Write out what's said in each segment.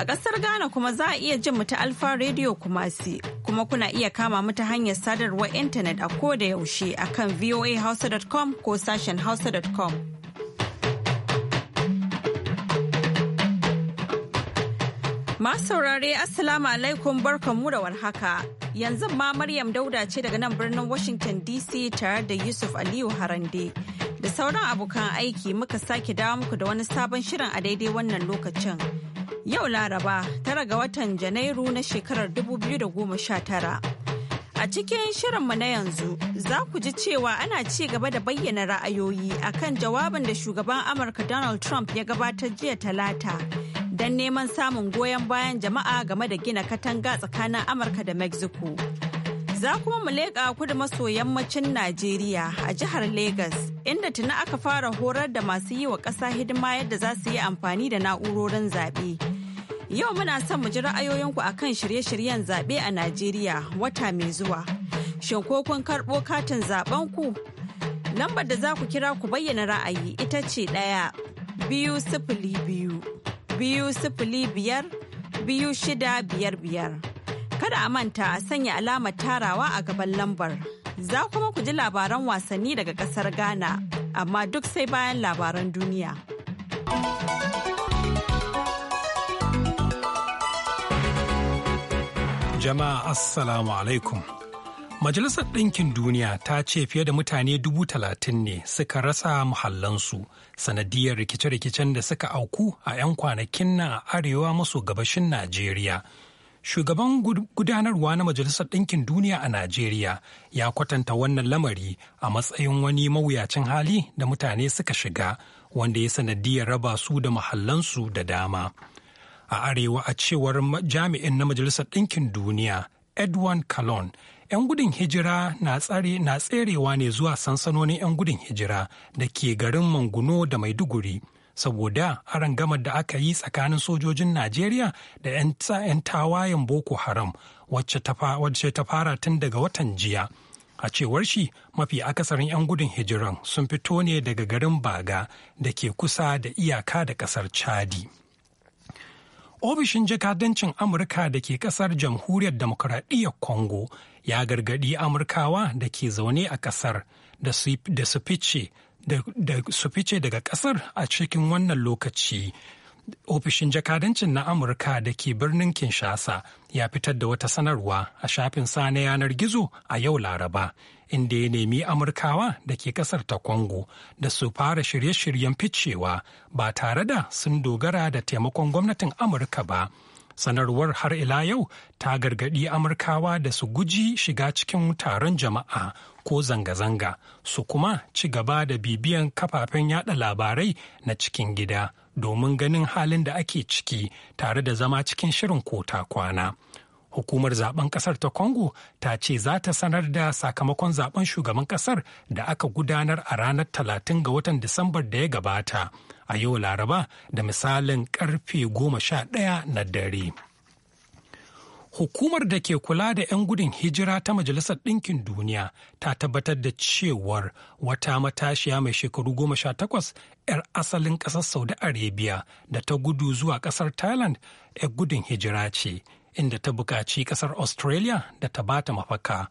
A ƙasar Ghana kuma za a iya jin mu ta Alfa Radio Kumasi kuma kuna iya kama mu ta hanyar sadarwar intanet a ko da yaushe a kan voahausa.com ko sashen hausa.com. Masu saurare Assalamu alaikum barkanmu da warhaka. Yanzu ma Maryam Dauda ce daga nan birnin Washington DC tare da Yusuf Aliyu Harande. Da sauran abokan aiki muka sake dawo muku da wani sabon shirin a daidai wannan lokacin. Yau Laraba, tara ga watan Janairu na shekarar 2019. A cikin shirinmu na yanzu, za ku ji cewa ana ci gaba da bayyana ra'ayoyi akan jawabin da shugaban Amurka Donald Trump ya gabatar jiya talata. Don neman samun goyon bayan jama'a game da gina katanga tsakanin Amurka da Mexico. Za kuma mu leƙa kudu maso yammacin Najeriya a jihar Legas inda tuni aka fara horar da masu yi wa ƙasa hidima yadda za su yi amfani da na'urorin zaɓe. Yau muna son mu ji ra'ayoyinku a kan shirye-shiryen zaɓe a Najeriya wata mai zuwa. Shin ko kun karɓo katin zaɓen ku? Lambar da za ku kira ku bayyana ra'ayi ita ce ɗaya biyu sifili biyu biyu sifili biyar biyu shida biyar biyar. Kada a manta a sanya alamar tarawa a gaban lambar. Za kuma ku ji labaran wasanni daga kasar Ghana, amma duk sai bayan labaran duniya. Jama'a Assalamu alaikum. Majalisar Ɗinkin Duniya ta ce fiye da mutane dubu talatin ne suka rasa muhallansu sanadiyar rikice-rikicen da suka auku a 'yan kwanakin nan a arewa maso gabashin Najeriya. Shugaban gudanarwa na Majalisar Ɗinkin Duniya a Najeriya ya kwatanta wannan lamari a matsayin wani mawuyacin hali da mutane suka shiga wanda ya sanadiyar raba su da mahallansu da dama. A arewa a cewar jami'in na Majalisar Ɗinkin Duniya, Edwin Calon, 'yan gudun hijira na tsare na tserewa ne zuwa sansanonin 'yan gudun hijira da ke garin Manguno da Maiduguri. saboda gamar da aka yi tsakanin sojojin Najeriya da 'yan tawayen Boko Haram wacce ta fara tun daga watan jiya. A cewar shi mafi akasarin 'yan gudun hijiran sun fito ne daga garin Baga da ke kusa da iyaka da ƙasar Chadi. Ofishin jakadancin Amurka da ke kasar Jamhuriyar Demokuraɗiyyar Congo ya gargaɗi Amurkawa da ke zaune a kasar da su fice da su fice daga kasar a cikin wannan lokaci ofishin jakadancin na amurka da ke birnin kinshasa ya fitar da wata sanarwa a shafin sa na yanar gizo a yau laraba inda ya nemi amurkawa da ke kasar ta congo da su fara shirye-shiryen ficewa ba tare da sun dogara da taimakon gwamnatin amurka ba. sanarwar har ila yau ta gargaɗi amurkawa da su guji shiga cikin taron jama'a ko zanga-zanga su kuma ci gaba da bibiyan kafafen yada labarai na cikin gida domin ganin halin da ake ciki tare da zama cikin shirin kota kwana. hukumar zaben kasar ta congo ta ce za ta sanar da sakamakon zaben shugaban kasar da aka gudanar a ranar 30 ga watan disambar da ya gabata a yau laraba da misalin karfe 11 na dare hukumar da ke kula da 'yan gudun hijira ta majalisar ɗinkin duniya ta tabbatar da cewar wata matashiya mai shekaru goma sha takwas 'yar asalin ƙasar saudi arabia da ta gudu zuwa ƙasar thailand 'yar gudun hijira ce inda ta buƙaci ƙasar Australia da ta bata mafaka.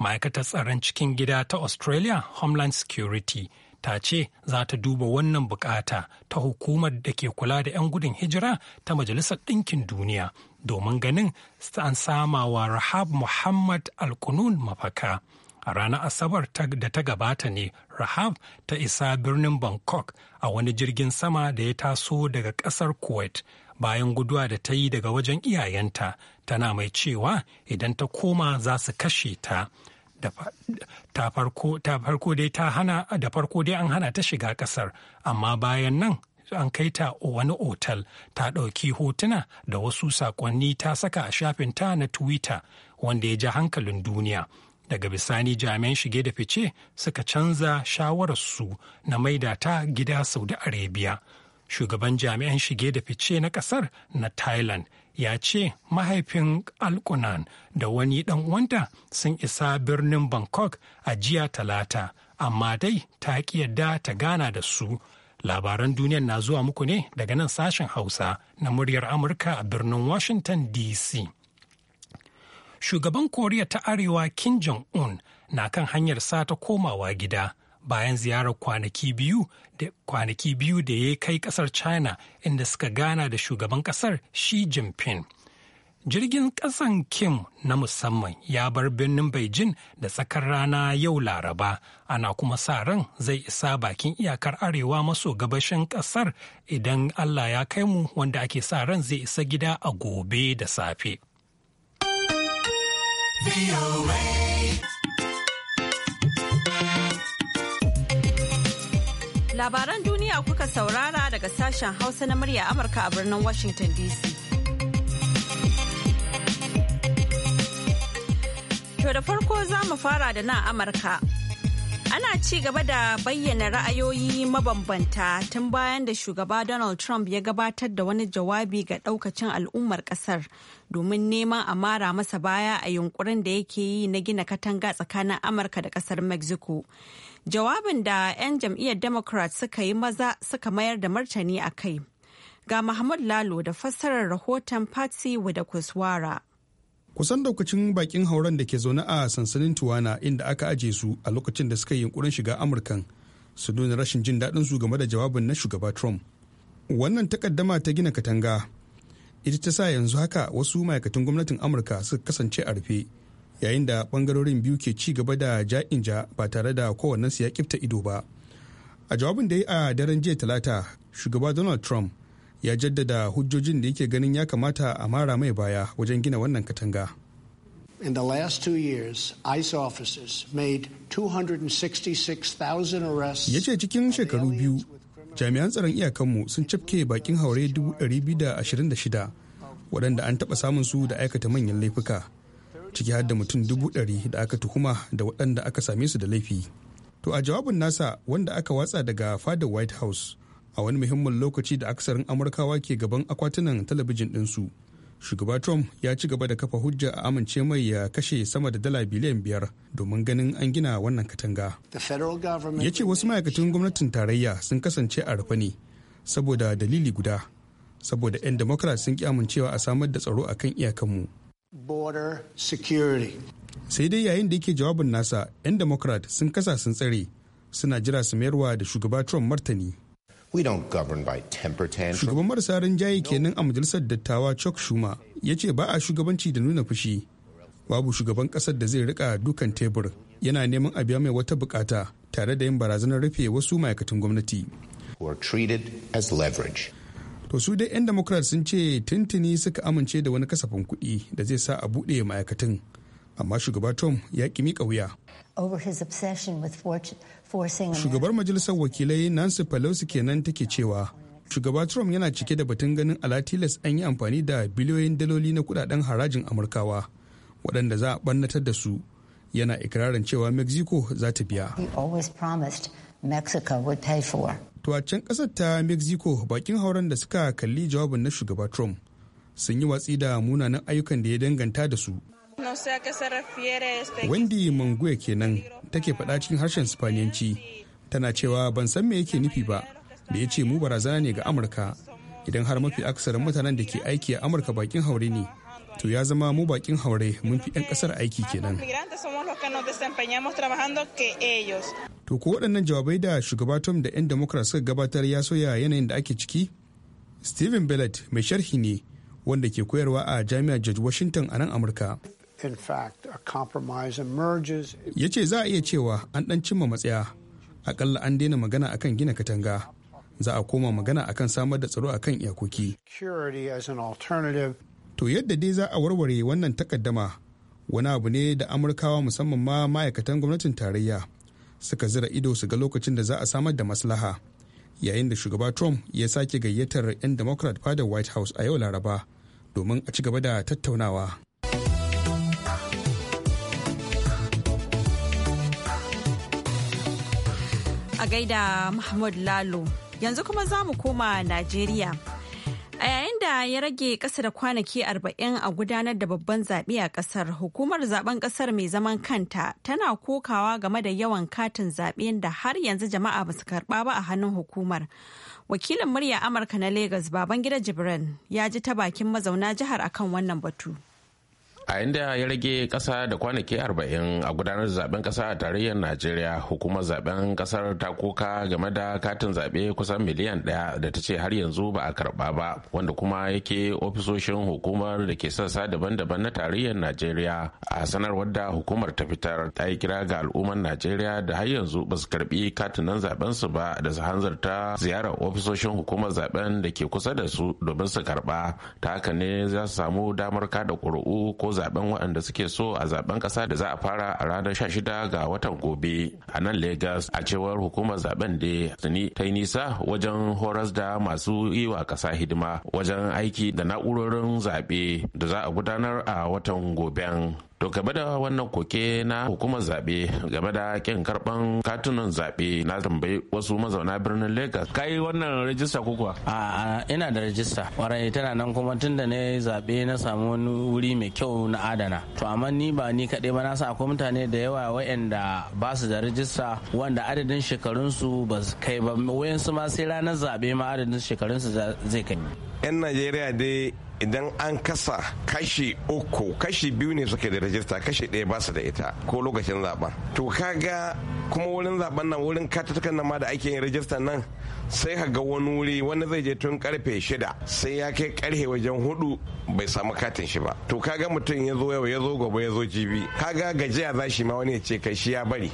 Ma'aikatar tsaron cikin gida ta Australia Homeland Security ta ce za ta duba wannan bukata ta hukumar da ke kula da 'yan gudun hijira ta Majalisar Ɗinkin Duniya domin ganin an sama wa Rahab Muhammad Alkunun mafaka. A ranar Asabar da ta gabata ne Rahab ta isa birnin Bangkok a wani jirgin sama da ya taso daga ƙasar Kuwait. bayan guduwa da ta yi daga wajen iyayenta tana mai cewa idan ta koma za su kashe ta ta farko dai ta hana da farko dai an hana ta shiga kasar amma bayan nan an kai ta wani otal ta ɗauki hotuna da wasu saƙonni ta saka a shafin ta na twitter wanda ya ji hankalin duniya daga bisani jami'an shige da fice suka canza shawararsu na maida ta gida saudi arabia shugaban jami'an shige da fice na kasar na thailand ya ce mahaifin alkunan da wani dan uwanta sun isa birnin bangkok a jiya talata amma dai ta yadda ta gana da su labaran duniyar na zuwa muku ne daga nan sashen hausa na muryar amurka a birnin washington dc shugaban koriya ta arewa kim jong-un na kan hanyar sa ta komawa gida bayan ziyarar kwanaki biyu da kwanaki biyu da ya kai kasar china inda suka gana da shugaban kasar xi jinping jirgin kasan kim na musamman ya bar birnin beijing da tsakar rana yau laraba ana kuma sa ran zai isa bakin iyakar arewa maso gabashin kasar idan allah ya kai mu wanda ake sa ran zai isa gida a gobe da safe. Labaran duniya kuka saurara daga sashen Hausa na murya Amurka a birnin Washington DC. To da farko za mu fara da nan Amurka. Ana ci gaba da bayyana ra'ayoyi mabambanta tun bayan da shugaba Donald Trump ya gabatar da wani jawabi ga daukacin al'ummar kasar domin neman a mara masa baya a yunkurin da yake yi na gina katanga tsakanin Amurka da kasar Mexico. Jawabin da 'yan jam'iyyar Democrat suka yi maza suka mayar da martani a kai. Ga Muhammad Lalo da fassarar rahoton Patsy Widakuswara. kusan daukacin bakin hauren da ke zaune a sansanin tuwana inda aka aje su a lokacin da suka yi yunkurin shiga amurkan su nuna rashin jin daɗin su game da jawabin na shugaba trump wannan takaddama ta gina katanga ita ta sa yanzu haka wasu ma'aikatan gwamnatin amurka suka kasance a rufe yayin da bangarorin biyu ke ci gaba da ja'in ja ba tare da kowannensu ya kifta ido ba a jawabin da ya yi a daren jiya talata shugaba donald trump ya jaddada hujjojin da yake ganin ya kamata a mara mai baya wajen gina wannan katanga. In the last two years, ICE officers made 266,000 arrests. Ya ce cikin shekaru biyu, jami'an tsaron iyakanmu sun cafke bakin haure 226 waɗanda an taɓa samun su da aikata manyan laifuka, ciki har da mutum 100 da aka tuhuma da waɗanda aka same su da laifi. To a jawabin nasa wanda aka watsa daga fadar White House, a wani muhimmin lokaci da aksarin amurkawa ke gaban akwatunan talabijin ɗinsu shugaba trump ya ci gaba da kafa hujja a amince mai ya kashe sama da dala biliyan biyar domin ganin an gina wannan katanga ya ce wasu ma'aikatan gwamnatin tarayya sun kasance a rufe ne saboda dalili guda saboda 'yan democrat sun ki amincewa a samar da tsaro akan iyakanmu sai dai yayin da yake jawabin nasa 'yan democrat sun kasa sun tsare suna jira su mayarwa da shugaba trump martani Shugaban marasa rinjaye kenan a majalisar dattawa Chuck Schumer ya ce ba a shugabanci da nuna fushi. Babu shugaban kasar da zai rika dukan tebur yana neman a biya mai wata bukata tare da yin barazanar rufe wasu ma'aikatan gwamnati. To su dai 'yan Democrat sun ce tuntuni suka amince da wani kasafin kuɗi da zai sa a buɗe ma'aikatan amma shugaba Trump ya ƙi miƙa wuya. Shugabar Majalisar Wakilai Nancy Pelosi kenan take cewa shugaba Trump yana cike da batun ganin alatilas an yi amfani da biliyoyin daloli na kudaden harajin Amurkawa waɗanda za a ɓannatar da su yana ikirarin cewa Mexico za ta biya. To a can ƙasar ta Mexico bakin hauren da suka kalli jawabin na shugaba Trump sun yi watsi da munanan ayyukan da ya danganta da su. Wendy Mangue kenan take faɗa cikin harshen Spaniyanci tana cewa ban san me yake nufi ba da ya ce mu barazana ne ga Amurka idan har mafi aksarin mutanen da ke aiki a Amurka bakin haure ne to ya zama mu bakin haure mun fi 'yan kasar aiki kenan. To ko waɗannan jawabai da shugaba Tom da 'yan Democrat suka gabatar ya soya yanayin da ake ciki? Stephen Bellet mai sharhi ne wanda ke koyarwa a Jami'ar George Washington a nan Amurka. Ya ce za a iya cewa an ɗan cimma matsaya, akalla an daina magana akan gina katanga, za a koma magana akan samar da tsaro akan iyakoki. To yadda dai za a warware wannan takaddama wani abu ne da Amurkawa musamman ma ma'aikatan gwamnatin tarayya suka zira ido su ga lokacin da za a samar da maslaha. Yayin da shugaba Trump ya sake gayyatar 'yan Democrat fadar White House a yau Laraba domin a ci gaba da tattaunawa. gaida Mahmud Lalo. Yanzu kuma za mu koma Najeriya. A yayin da ya rage ƙasa da kwanaki 40 a gudanar da babban zaɓe a ƙasar, hukumar zaben ƙasar mai zaman kanta tana kokawa game da yawan katin zaɓe da har yanzu jama'a ba su karɓa ba a hannun hukumar. Wakilin murya Amurka na Legas Babangida Jibran ya ji ta bakin mazauna jihar akan wannan batu. a inda ya rage kasa da kwanaki 40 a gudanar zaben kasa a tarayyar najeriya hukumar zaben kasar ta koka game da katin zabe kusan miliyan daya da ta ce har yanzu ba a karba ba wanda kuma yake ofisoshin hukumar da ke sassa daban-daban na tarayyar najeriya a sanarwar da hukumar ta fitar ta yi kira ga al'ummar najeriya da har yanzu ba su karbi katinan zaben su ba da su hanzarta ziyarar ofisoshin hukumar zaben da ke kusa da su domin su karba ta haka ne za su samu damar kada kuri'u ko zaben waɗanda suke so a zaben ƙasa da za a fara a ranar 16 ga watan gobe a nan Legas a cewar hukumar zaben da tuni ta yi nisa wajen horas da masu yi wa ƙasa hidima wajen aiki da na'urorin zaɓe da za a gudanar a watan goben. To game da wannan koke na hukumar zaɓe game da ƙin karɓan katunan zaɓe na tambayi wasu mazauna birnin Lagos. Ka yi wannan rajista ko kuwa? A ina da rajista. Warai tana nan kuma tun da na zaɓe na samu wani wuri mai kyau na adana. To amma ni ba ni kaɗai ba na san akwai mutane da yawa wa'anda ba su da rajista wanda adadin shekarunsu ba su kai ba. Wayansu ma sai ranar zaɓe ma adadin shekarunsu zai kai. 'Yan Najeriya dai idan an kasa kashi uku kashi biyu ne suke da rajista kashi ɗaya ba su da ita ko lokacin zaben to kaga kuma wurin zaben nan wurin katatukan nan ma da ake yin rajista nan sai ka ga wani wuri wani zai je tun karfe shida sai ya kai karfe wajen hudu bai samu katin shi ba to kaga mutum ya zo yau ya zo gobe ya zo jibi kaga gajiya za shi ma wani ya ce kai shi ya bari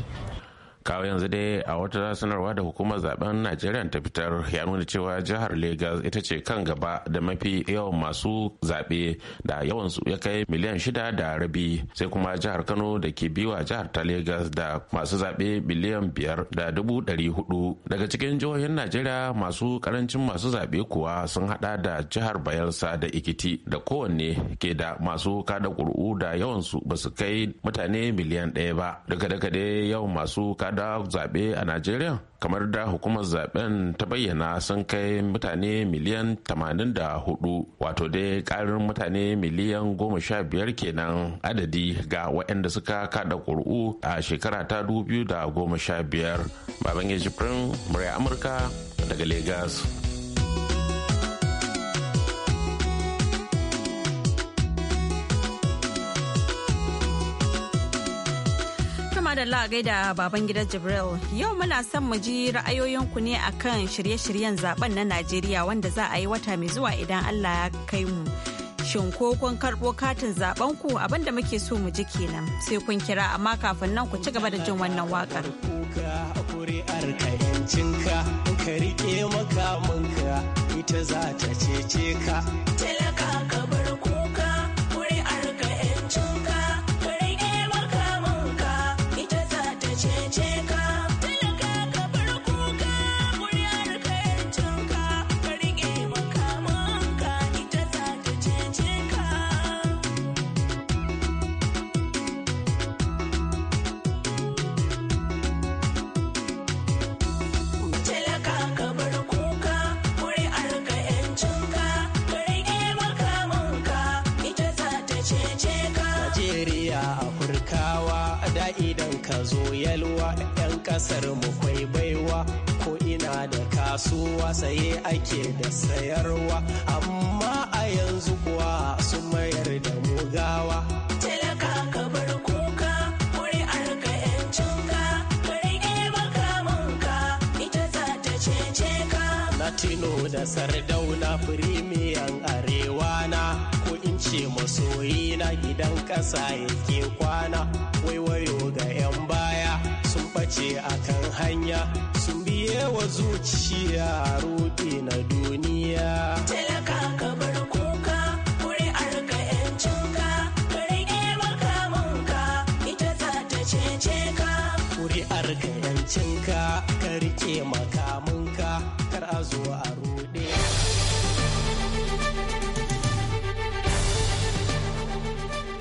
kawo yanzu dai a wata sanarwa da hukumar zaben najeriya ta fitar ya nuna cewa jihar lagos ita ce kan gaba da mafi yawan masu zaɓe da yawansu ya kai miliyan shida da rabi sai kuma jihar kano da ke biwa jihar ta lagos da masu zaɓe miliyan biyar da dubu ɗari hudu daga cikin jihohin najeriya masu karancin masu zaɓe kuwa sun hada da jihar bayelsa da ikiti da kowanne ke da masu kada ƙuri'u da yawansu ba su kai mutane miliyan ɗaya ba daga daga dai yawan masu kada da zaɓe a najeriya kamar da hukumar zaɓen ta bayyana sun kai mutane miliyan 84 wato dai ƙarin mutane miliyan 15 kenan adadi ga waɗanda suka kada ƙuri'u a shekara ta 2015 biyar. ya jibrin murya amurka daga Legas. Madalla gaida baban gidan Jibril. Yau muna son mu ji ra'ayoyinku ne akan shirye-shiryen zaben na Najeriya wanda za a yi wata mai zuwa idan Allah ya kai mu. Shin ko kun karɓo katin zaben ku abinda muke so mu ji kenan sai kun kira amma kafin nan ku ci gaba da jin wannan wakar ka ita za ta cece ka. Talaka ka idan ka zo yalwa yan kasar mu kwai baiwa ko ina da kasuwa saye ake da sayarwa amma a yanzu kuwa su mayar da mugawa talaka ka bar kuka ka ka ita za ta latino da sardauna firimiyan arewa na ce masoyi na gidan ƙasa yake kwana waiwayo ga 'yan baya sun ɓace akan hanya sun biye wa zuciya rudi na duniya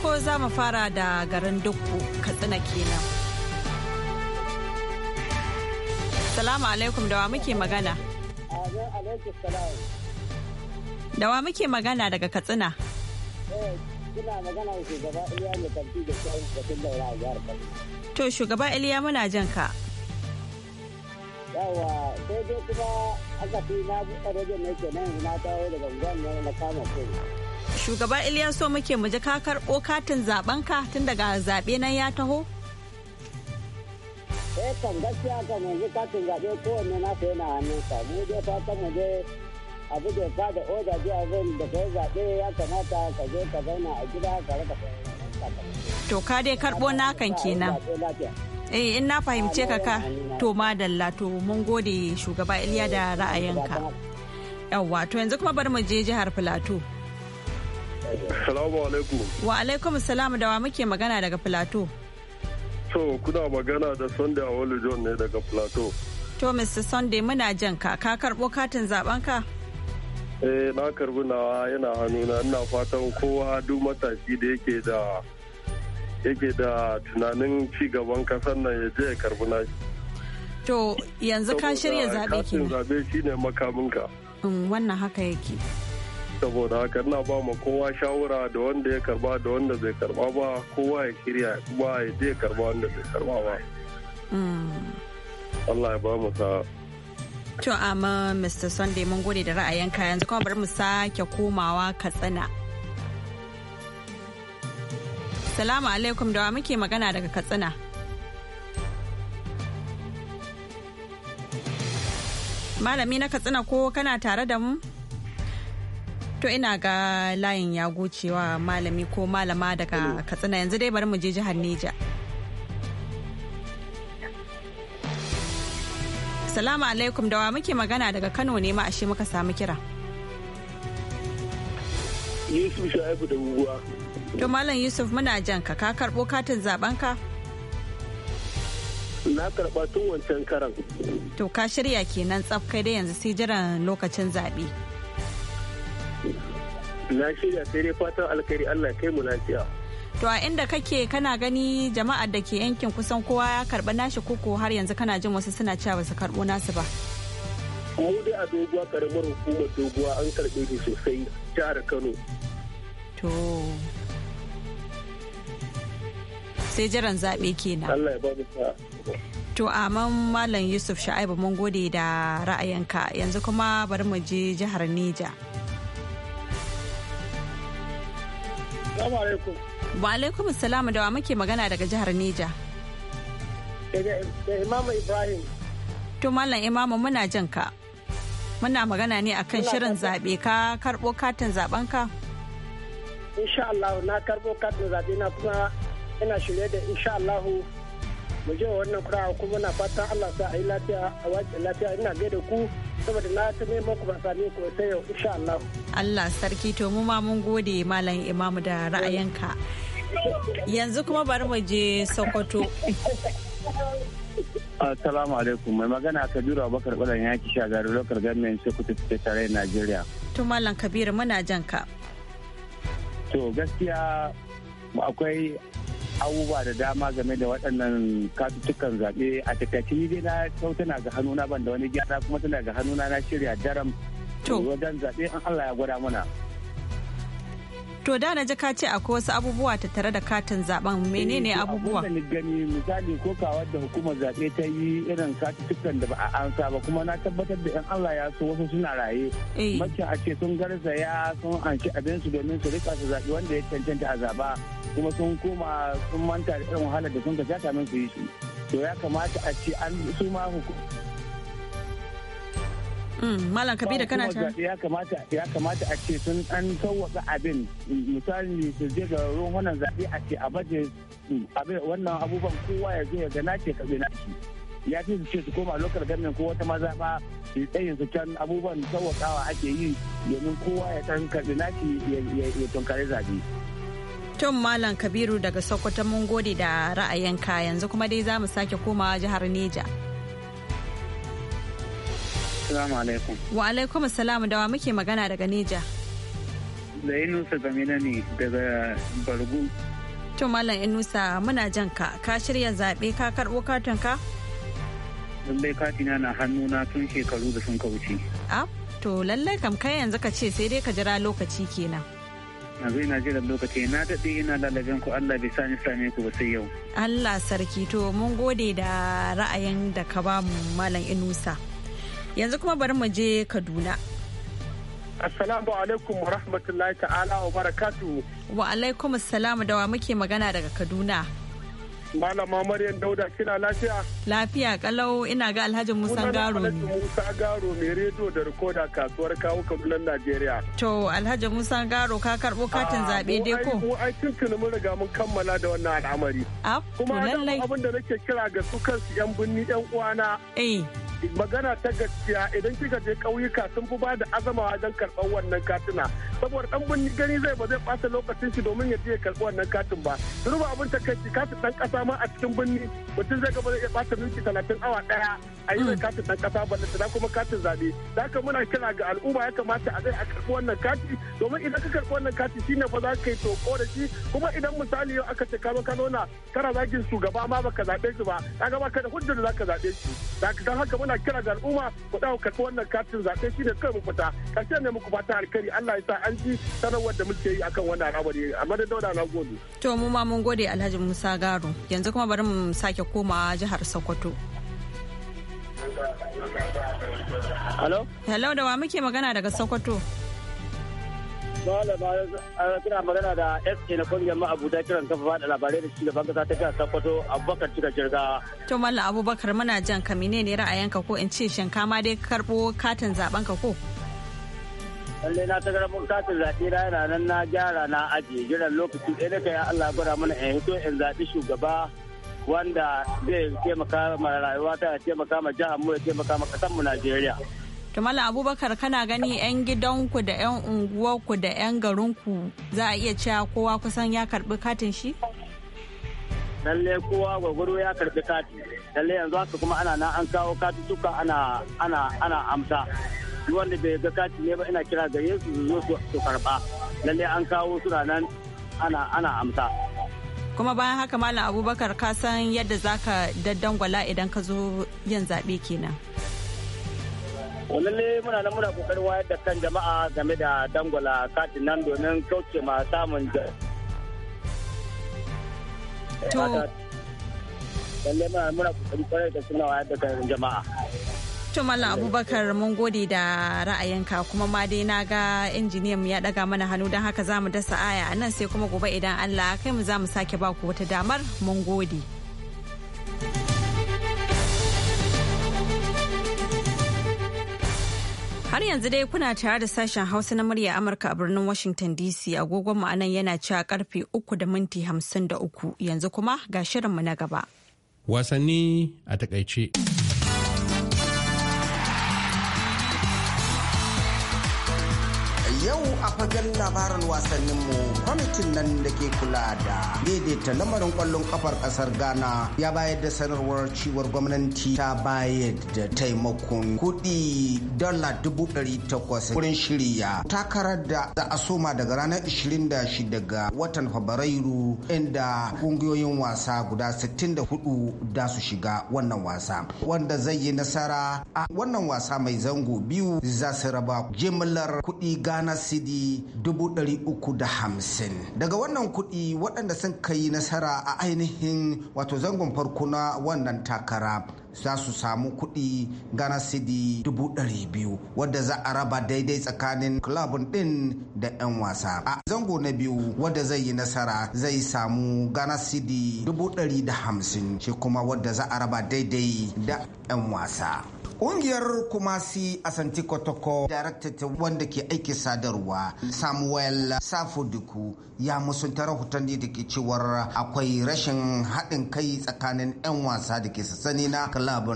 farko za mu fara da garin dukku katsina kenan. Salamu alaikum da wa muke magana. Da wa muke magana daga Katsina? To shugaba Iliya muna jan ka. Yawa sai dai kuma aka fi na buɗe rajin na ke nan na dawo daga gwamnati na kama kai. shugaba Iliyaso muke mu ji kakar okatin zaben ka tun daga zabe nan ya taho? Eh kan gaskiya ka mun ji katin zabe kowanne na sai na hannu ka mu je fa fatan mu je abu da fa da oda ji zan da kai zabe ya kamata ka je ka zauna a gida ka raka To ka dai karbo na kan kenan. Eh in na fahimce ka ka to madalla to mun gode shugaba Iliya da ra'ayinka. Yawwa to yanzu kuma bari mu je jihar plateau Salamu alaikum. Wa alaikum salamu da wa muke magana daga Plateau. to kuna magana da Sunday Awolu John ne daga Plateau. To Mr. Sunday muna jan ka ka karɓo katin zaben ka? Eh na karɓi nawa yana hannuna ina fatan kowa duk matashi da yake da yake da tunanin ci gaban kasar nan ya je ya na nashi. To yanzu ka shirya zaɓe kenan. Katin zaɓe shine mm, Wannan haka yake. saboda haka ina ba ma kowa shawara da wanda ya karba da wanda zai karba ba kowa ya shirya ba ya je karba wanda zai karba ba hmm. Allah ya ba mu sa to amma Mr. Sunday mun gode da ra'ayin kayan kuma bari mu sake komawa Katsina Salamu alaikum da wa muke magana daga Katsina Malami na Katsina ko kana tare da mu? to ina ga layin ya gucewa malami ko malama daga katsina yanzu dai bari mu je jihar neja salamu alaikum da wa muke magana daga kano ne ma ashe muka samu kira yusuf shaifu da guguwa to malam yusuf muna jan ka ka karbo katin zaben ka na karba tun wancan karan to ka shirya kenan tsaf kai dai yanzu sai jiran lokacin zaɓe. na shirya sai dai fatan alkhairi allah kai mu lafiya to a inda kake kana gani jama'ar da ke yankin kusan kowa ya karba nashi koko har yanzu kana jin wasu suna cewa ba su karbo nasu ba mu dai a doguwa karamar hukumar doguwa an karbe shi sosai jihar kano to sai jiran zaɓe kenan. Allah ya ba mu To aman Malam Yusuf Sha'ibu mun gode da ra'ayinka yanzu kuma bari mu je jihar Neja. Assalamu alaikum. Wa alaikum assalamu da wa muke magana daga jihar Neja. Daga Imamu Ibrahim. To Mallam Imamu muna jin ka. Muna magana ne akan shirin zaɓe ka karɓo katin zaɓen ka? Insha Allah na karɓo katin zaɓe na kuma ina shirye da insha Allah mu je wannan kura kuma na fatan Allah sa a yi lafiya a wace lafiya ina gaida ku saboda na ta nemo ku ba sami ku ta yau insha Allah Allah sarki to mu ma mun gode malam imamu da ra'ayinka yanzu kuma bari mu je Sokoto Assalamu alaikum mai magana Kabiru Abubakar Balan yaki shagaru lokar gamin Sokoto ta tare Najeriya to malam Kabiru muna jan ka to gaskiya akwai abubuwa da dama game da waɗannan katutukan zaɓe a takaice ni dai na tautana ga hannuna ban da wani gyara kuma tana ga hannuna na shirya daram to wajen zaɓe an Allah ya gwada mana To da na ji ka ce akwai wasu abubuwa ta tare da katin zaben menene eh, abubuwa? Abin da gani misali ko kawar da hukumar zaɓe ta yi irin katutukan da ba a ansa ba kuma na tabbatar da 'yan Allah ya so wasu suna raye. Eh. Mace a ce sun garzaya sun anci abin su domin su rika su zaɓi wanda ya cancanta a zaɓa kuma sun koma sun manta da irin wahalar da sun ka sha kamin su yi shi. To ya kamata a ce an su ma Mm, Malam Kabira kana ta. Ya kamata ya kamata a ce sun an sauwaka abin misali su je ga ruwan zaɓe a ce a baje mm, wannan abubuwan kowa ya zo ya ga nace kabe naci. Ya fi su ce su koma lokal ganin ko wata maza ba su tsayin su can abubuwan sauwakawa ake yi domin kowa ya san kabe naci ya tunkare zaɓe. Tom Malam Kabiru daga Sokoto mun gode da ra'ayinka yanzu kuma dai za mu sake komawa jihar Neja. Assalamu alaikum. Wa alaikum assalamu da wa muke magana daga Neja. Da Inusa Gamina ne daga Bargu. To Malam Inusa muna jan ka ka shirya zaɓe ka karɓo katin ka? Lallai katina na hannu na tun shekaru da sun kauce. A to lallai kam kai yanzu ka ce sai dai ka jira lokaci kenan. yanzu ina jiran lokaci na daɗe ina lalaben ku Allah bai sani same ku ba sai yau. Allah sarki to mun gode da ra'ayin da ka bamu Malam Inusa. yanzu kuma bari mu je kaduna assalamu alaikum wa rahmatullahi ta'ala wa barakatu wa alaikum assalamu da muke magana daga kaduna malama maryam dauda kina lafiya lafiya kalau ina ga alhaji musa garo ne musa garo mai rediyo da rikoda kasuwar kawo kabilan najeriya to alhaji musa garo ka karbo katin zabe dai ko mu ai tuntuni mun riga mun kammala da wannan al'amari ah, kuma abin da nake kira ga su kansu yan binni yan uwana eh magana ta gaskiya idan kika je ƙauyuka sun fi ba da azamawa don karɓar wannan katina saboda dan bunni gani zai ba zai ɓata lokacin shi domin ya je karɓi wannan katin ba ruba abin ta kai katin ɗan ƙasa ma a cikin bunni mutum zai gaba zai ɓata minti talatin awa ɗaya a yi mm. katin ɗan ƙasa ba da kuma katin zaɓe da haka muna kira ga al'umma ya kamata a zai a karɓi wannan kati domin idan ka karɓi wannan kati shine fa za ka yi toko da shi kuma idan misali yau aka ce ka zo ka zauna kana zagin shugaba ma baka zaɓe shi ba ka gaba ka da hujjar da za ka zaɓe shi ana kira ga al'umma ku ɗauka wannan katin zaɓe shi ne kai mu fita ƙarshe ne muku fata alkari Allah ya sa an ji sanarwar da muke yi akan wannan al'amari amma da dauda na gode. To mu ma mun gode Alhaji Musa Garo yanzu kuma bari mu sake komawa jihar Sokoto. Hello? Hello da wa muke magana daga Sokoto? Malama eh, kina magana da SA na kungiyar ma'abuta kiran kafa faɗa labarai da ci gaban kasa ta jihar Sokoto Abubakar Cika Jirga. To Mallam Abubakar muna jan ka ne ra'ayanka ko in ce shinka ma dai karɓo katin zaben ka ko? lallai na ta garabin katin zaɓe na yana nan na gyara na aji jiran lokaci ɗaya ka ya Allah gwada mana in hito in zaɓi shugaba wanda zai taimaka ma rayuwa ta taimaka ma jihar mu ya taimaka ma ƙasar mu Najeriya. Tumala Abubakar kana gani 'yan gidanku da 'yan unguwarku da 'yan garinku za a iya cewa kowa kusan ya karbi katin shi? Lalle kowa gwagwaro ya karbi katin. Lalle yanzu haka kuma ana na an kawo katin tuka ana ana ana amsa. Duk wanda bai ga katin ne ba ina kira ga Yesu zo su karba. Lalle an kawo suna nan ana ana amsa. Kuma bayan haka Malam Abubakar ka san yadda zaka daddangwala idan ka zo yin zaɓe kenan. Walalle muna nan muna kokarin wayar da kan jama'a game da dangwala katin nan domin kauce ma samun da. To. Lalle muna muna kokarin kwarai da suna wayar da kan jama'a. To malla Abubakar mun gode da ra'ayinka kuma ma dai na ga injiniyan ya daga mana hannu don haka za mu dasa aya a nan sai kuma gobe idan Allah kai mu za mu sake baku wata damar mun gode. Har yanzu dai kuna tare da sashen Hausa na murya Amurka a birnin Washington DC agogon ma'anan anan yana cewa karfe uku da minti uku yanzu kuma ga shirinmu na gaba. Wasanni a takaice. fagen labaran wasanninmu kwamitin nan da ke kula da daidaita lamarin kwallon kafar kasar ghana ya bayar da sanarwar ciwon gwamnati ta bayar da taimakon kudi dala dubu dari takwas wurin shirya takarar da za a soma daga ranar ishirin da shi daga watan fabrairu inda kungiyoyin wasa guda hudu da su shiga wannan wasa wanda zai yi nasara a wannan wasa mai zango biyu za su raba jimlar kudi ghana city dubu ɗari uku da hamsin daga wannan kuɗi waɗanda sun kai nasara a ainihin wato zangon farko na wannan takara za su samu kuɗi gana sidi dubu ɗari biyu wadda za a raba daidai tsakanin kulabun ɗin da 'yan wasa a zango na biyu wadda zai yi nasara zai samu gana sidi dubu ɗari da hamsin shi kuma wadda za a raba daidai da 'yan wasa Ƙungiyar Kumasi Asanti Kotoko ta wanda ke aiki sadarwa Samuel Safoduku ya musunta rahotanni da ke cewar akwai rashin haɗin kai tsakanin 'yan wasa da ke sassani na club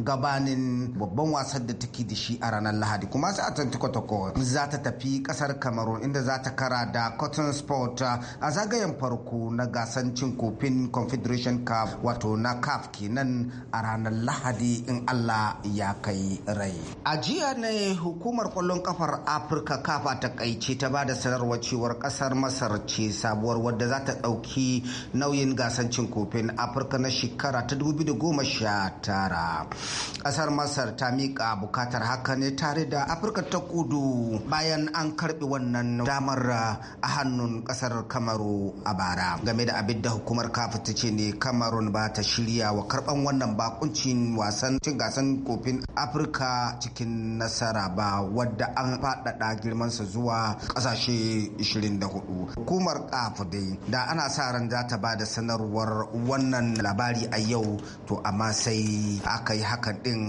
gabanin babban wasan da take da shi a ranar lahadi kuma sai a ko. za ta tafi kasar cameroon inda za ta kara da cotton sport a zagayen farko na gasan cin kofin confederation cup wato na caf kenan a ranar lahadi in allah ya kai rai a jiya ne hukumar kwallon kafar afirka caf a takaice ta ba da sanarwar cewar kasar masar ce sabuwar wadda za ta ɗauki nauyin gasan cin kofin afirka na shekara ta 2019 tara kasar masar ta mika bukatar haka ne tare da afirka ta kudu bayan an karbi wannan damar a hannun kasar kamaru a bara game da abin da hukumar kafa ta ce ne kamarun ba ta shirya wa karban wannan bakuncin wasan cin gasan kofin afirka cikin nasara ba wadda an faɗaɗa girmansa zuwa ƙasashe 24 hukumar kafa dai da ana sa ran za ta ba da sanarwar wannan labari a yau to amma sai Akai aka yi hakan din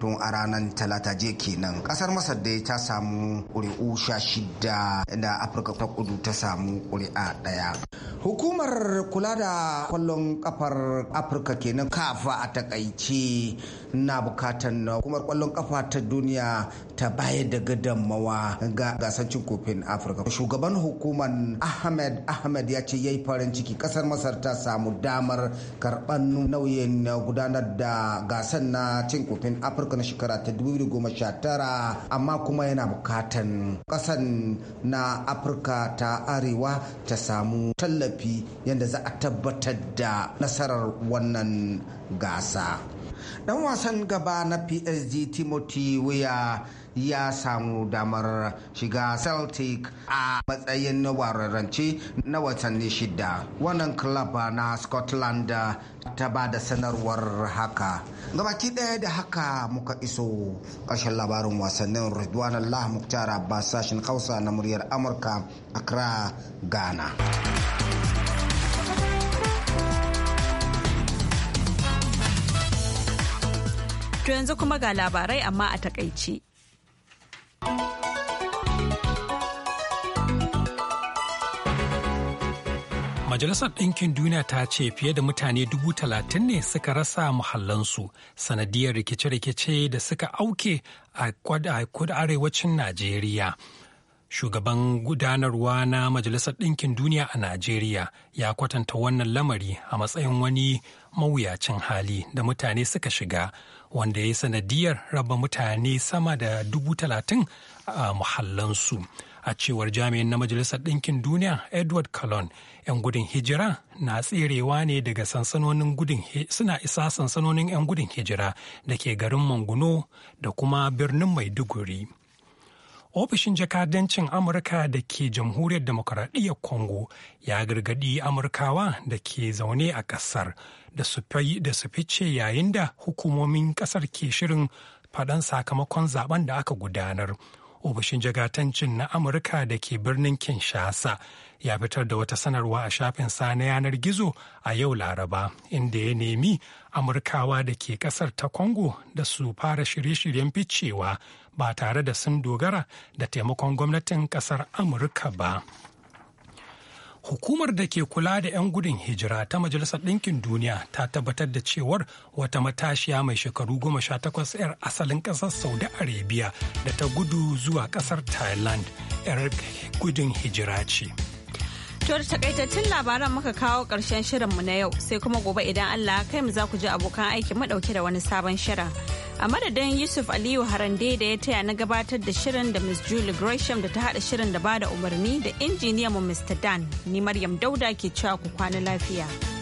tun a ranar talata je kenan kasar masar dai ta samu ƙuri'u sha shida da afirka ta kudu ta samu ƙuri'a ɗaya hukumar kula da kwallon kafar afirka kenan kafa a takaice na bukatan hukumar kwallon kafa ta duniya ta baya da gadammawa ga gasar cin kofin afirka shugaban hukumar ahmed ahmed ya ce ya yi farin ciki kasar masar ta samu damar karɓar nauyin gudanar da gasar na cin kofin afirka na shekara ta 2019 amma kuma yana bukatan Kasar na afirka ta arewa ta samu tallafi yadda za a tabbatar da nasarar wannan gasa dan wasan gaba na psg timothy wuya ya samu damar shiga celtic a matsayin na wararance na watanni shida wannan club na scotland ta ba da sanarwar haka gabaki ɗaya da haka muka iso ƙarshen labarin wasannin ridwan allah muktar abbas sashen hausa na muryar amurka accra ghana To yanzu kuma ga labarai amma a takaici. Majalisar Ɗinkin Duniya ta ce fiye da mutane dubu talatin ne suka rasa muhallansu sanadiyar rikice-rikice da suka auke a kudu arewacin Najeriya. Shugaban gudanarwa na Majalisar Ɗinkin Duniya a Najeriya ya kwatanta wannan lamari a matsayin wani mawuyacin hali da mutane suka shiga wanda ya yi sanadiyar raba mutane sama da dubu talatin a muhallansu a cewar jami'in na majalisar ɗinkin duniya edward colon 'yan gudun hijira na tserewa ne daga sansanonin gudun suna isa sansanonin 'yan gudun hijira da ke garin manguno da kuma birnin maiduguri ofishin jakadancin amurka da ke jamhuriyar demokuraɗiyyar congo ya gargaɗi amurkawa da ke zaune a ƙasar da su fice yayin da hukumomin ƙasar ke shirin faɗan sakamakon zaben da aka gudanar ofishin jagatancin na amurka da ke birnin kinshasa ya fitar da wata sanarwa a shafin sa na yanar gizo a yau laraba inda ya nemi amurkawa da ke kasar ta congo da su fara shirye-shiryen ficewa ba tare da sun dogara da taimakon gwamnatin kasar amurka ba Hukumar da ke kula da 'yan gudun hijira ta Majalisar Ɗinkin Duniya ta tabbatar da cewar wata matashiya mai shekaru goma sha takwas 'yar asalin ƙasar Saudi Arabia da ta gudu zuwa ƙasar Thailand 'yar gudun hijira ce. To da takaitattun labaran muka kawo ƙarshen shirinmu na yau sai kuma gobe idan Allah kai mu za ku ji abokan aiki madauke da wani sabon shirin. a madadin yusuf aliyu harande da ya taya na gabatar da shirin da miss julie gresham da ta hada shirin da bada umarni da injiniyan mu mr dan ni maryam dauda ke cewa ku kwana lafiya.